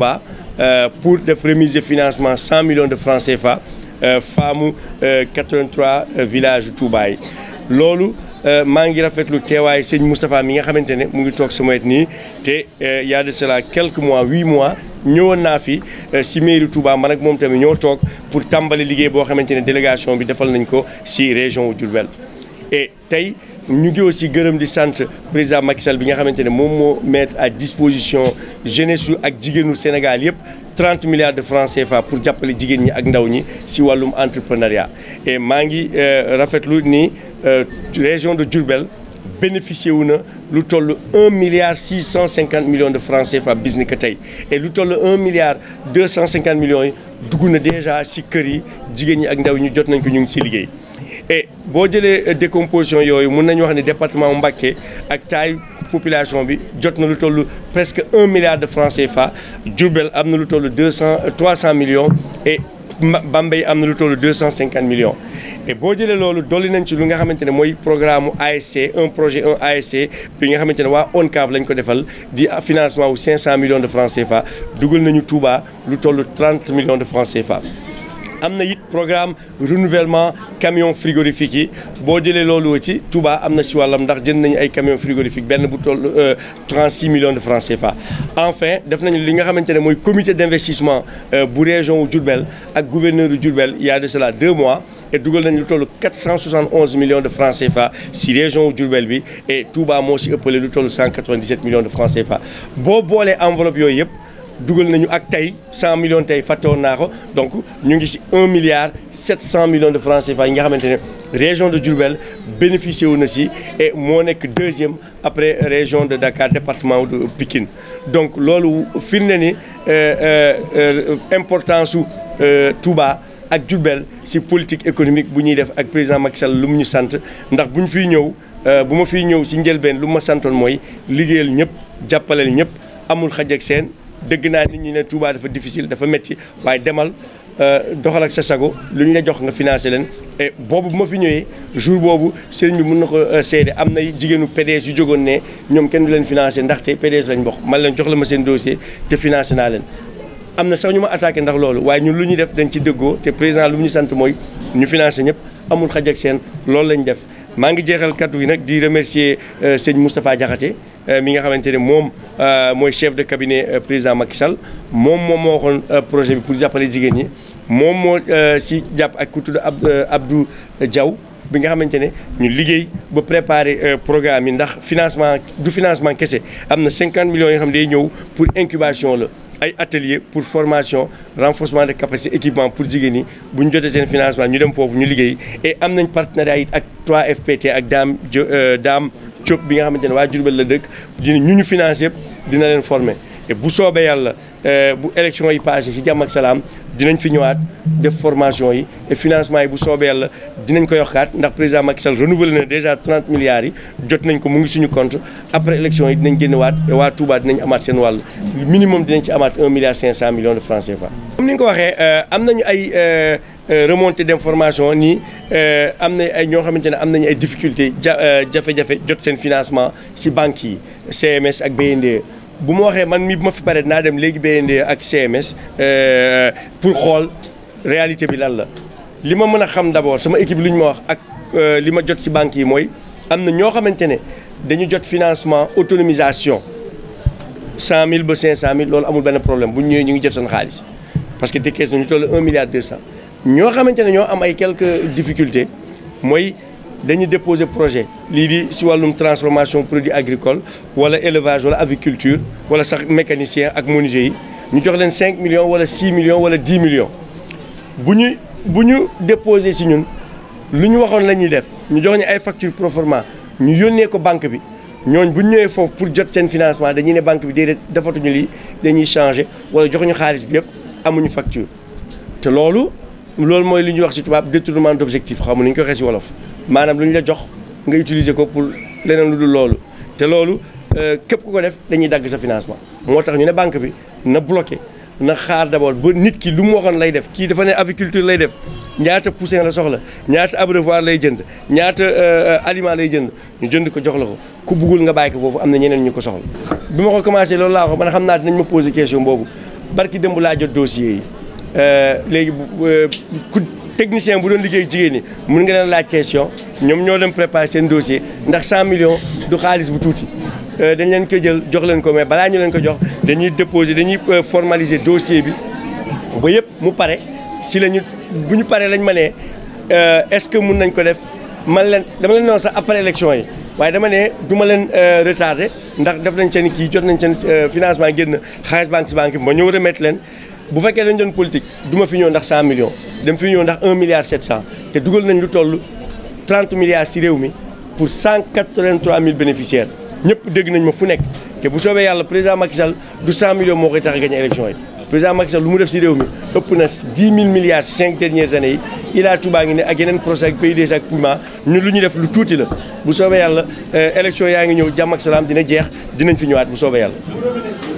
ba euh, pour def remise financement cent millions de francs fa euh, faamu 83 euh, village Touba yi loolu maa ngi rafetlu teewaayu sëñ Moustapha mi nga xamante ne mu ngi toog sama wet te y a de cela quelques mois huit mois ñëwoon naa fi si mairie Touba man ak moom tamit ñoo toog pour tàmbali liggéey boo xamante ne délégation bi defal nañ ko si région wu Diourbel et tey ñu ngi aussi gërëm di sant président Macky bi nga xamante ne moom moo mettre à disposition jeunesse ak jigéenu Sénégal yëpp 30 milliards de français CFA pour jàppale jigéen ñi ak ndaw ñi si wàllum entrepreneuriat et maa ngi euh, rafetlu ni euh, région de Diourbel bénéficié wu na lu toll un milliard six cent cinquante millions de francs CFA bis ni que tey et lu toll un milliard deux cent cinquante millions yi dugg na déjà si kër yi jigéen ñi ak ndaw ñi jot nañ ko ñu ngi si liggéey. et boo jëlee euh, décomposition yooyu mun nañu wax ne département Mbacké ak taay population bi jot na lu toll presque un milliard de francs fa Diourbel am na lu toll deux cent euh, trois cent millions et Bambey am na lu toll deux cent cinquante millions boo jëlee loolu dolli nañ ci lu nga xamante ne mooy programme ASC un projet un ASC bi nga xamante ne waa ONCAV lañ ko defal di financement wu cinq cent millions de francs fa dugal nañu Touba lu toll trente millions de francs CFA. am na it programme renouvellement camion frigorifique yi boo jëlee loolu ci Touba am na si wàllam ndax jënd nañu ay camion frigorifique benn bu toll 36 euh, millions de francs CFA. enfin def nañu li nga xamante ne mooy comité d'investissement euh, bu région wu Diourbel ak gouverneur wu Diourbel il y a de cela deux mois et dugal nañu lu toll 471 millions de francs CFA si région wu Diourbel bi et Touba moo si ëppale lu toll 197 millions de francs CFA boo boolee enveloppe dugal nañu ak tey 100 millions tey fàttewoon naa ko donc ñu ngi si 1 milliard 700 millions de francs CFA nga xamante ne région de Diourbel bénéficié wu na si et moo nekk deuxième après région de Dakar département de Pikine donc loolu ne ni euh, euh, importance su euh, Touba ak Diourbel si politique économique bu ñuy def ak président Macky lu mu ñu sant ndax bu ñu fiy ñëw bu ma fiy ñëw si njëlbeen lu ma santoon mooy liggéeyal ñëpp jàppaleel ñëpp amul xaj ak seen. dëgg naa nit ñi ne Touba dafa difficile dafa métti waaye demal euh, doxal ak sa sago lu ñu la jox nga financé leen boobu bu ma fi ñëwee jour boobu sëriñ mun na ko euh, seede am na jigéenu PDS yu jógoon ne ñoom kenn du leen financé ndaxte PDS lañ bokk man leen jox la ma seen dossier te financé naa am na sax ñu ma attaqué ndax loolu waaye ñun lu ñu def dañ ci dëggoo te président lu mu ñu sant mooy ñu financé ñëpp amul xaj ak seen loolu lañ def maa ngi jeexal kàddu yi nag di remercier euh, sëñ Moustapha Diakhaté. Euh, mi nga xamante ne moom euh, mooy chef de cabinet euh, président Macky Sall moom moom moo waxoon projet bi pour jàppalee jigéen ñi moom moo si jàpp ak ku tudd Abdou Diaw bi nga xamante ne ñu liggéey ba préparer programme yi ndax financement du financement kese am na 50 millions yoo xam ne day ñëw pour incubation la ay atelier pour formation renforcement de capacité équipement pour jigéen ñi bu ñu jotee seen financement ñu dem foofu ñu liggéey et am nañ partenariat it ak 3FPT ak Dame euh, Dame Diop bi nga xamante ne waa Diourbel la dëkk dina ñu ñu financé dina leen former bu soobee yàlla euh, bu élection yi passé si jàmm ak salaam dinañ fi ñëwaat def formation yi te financement yi bu soobee yàlla dinañ ko kaat ndax président Macky Sall renouvelé na déjà 30 milliards yi jot nañ ko mu ngi suñu compte après élection yi dinañ génn waat waa Touba dinañ amaat seen wàll minimum dinañ ci amaat 1 milliard 500 millions de francs CFA. comme ni ko waxee euh, am na ñu ay euh, remontée d'information ni am na ay ñoo xamante ne am nañu ay difficultés ja jafe-jafe jot seen financement si banques yi CMS ak BNDE. bu ma waxee man mii bu ma fi pare naa dem léegi BND ak CMS euh, pour xool réalité bi lan la li ma mën a xam d'abord sama équipe lu ñu ma wax ak euh, li ma jot si banques yi mooy am na ñoo xamante ne dañu jot financement autonomisation cent mille ba cinq cent mille loolu amul benn problème bu ñu ñëwee ñu ngi jot seen xaalis parce que te kees na ñu toll un milliard deux cent ñoo xamante ne ñoo am ay quelque difficultés mooy dañuy déposer projet lii di si wàllum transformation produit agricole wala élevage wala aviculture wala sax mécanicien ak menuisier yi ñu jox leen cinq millions wala 6 millions wala 10 millions bu ñu bu ñu déposer si ñun lu ñu waxoon la ñuy def ñu jox ñu ay facture proforma ñu yónnee ko banque bi ñooñ bu ñu ñëwee foofu pour jot seen financement dañuy ne banque bi déedéet defatuñu lii dañuy changé wala joxuñu xaalis bi yëpp amuñu facture te loolu loolu mooy li ñuy wax si tubaab d' objectif xaw ma nu ko waxee si wolof. maanaam lu ñu la jox nga utiliser ko pour leneen lu dul loolu te loolu euh, képp ku ko def dañuy dagg sa financement moo tax ñu ne banque bi na bloqué na xaar d'abord ba nit ki lu mu waxoon lay def kii dafa ne aviculture lay def ñaata poussin la soxla ñaata abreuvoir lay jënd ñaata euh, euh, aliment lay jënd ñu jënd ko jox la ko ku buggul nga bàyyi ko foofu am na ñeneen ñu ko soxla bi ma ko commencé loolu laa ko man xam naa nañ ma posé question boobu barki démb laa jot dossier yi léegi ku technicien bu doon liggéey jigéen mun nga leen laaj question ñoom ñoo dem préparé seen dossier ndax 100 millions du xaalis bu tuuti euh, dañ leen ko jël jox leen ko mais balaa ñu leen ko jox dañuy déposer dañuy euh, formaliser dossier bi ba yëpp mu pare si la ñu bu ñu paree lañ ma ne euh, est-ce que mun nañ ko def man leen dama leen noonu sax après élection yi waaye dama ne du leen retardé ndax def nañ seen kii jot nañ seen financement génn xaalis banque si banque bi ma ñëw remettre leen. bu fekkee dañ doon politique duma fi ñëw ndax 100 millions dem fi ñëw ndax 1 milliard 700 te dugal nañ lu toll 30 milliards ci réew mi pour 183 000 bénéficiaires ñëpp dégg nañ ma fu nekk te bu soobee yàlla président Macky Sall du 100 millions moo koy tax a gagné élection yi président Macky Sall lu mu def ci réew mi ëpp na 10 000 milliards cinq dernières années yi Ila Touba ngi ne ak yeneen procès ak PDS ak Puma ñun lu ñu def lu tuuti la bu soobee yàlla euh, élection yaa ngi ñëw jàmm ak dina jeex dinañ fi ñëwaat bu soobee yàlla.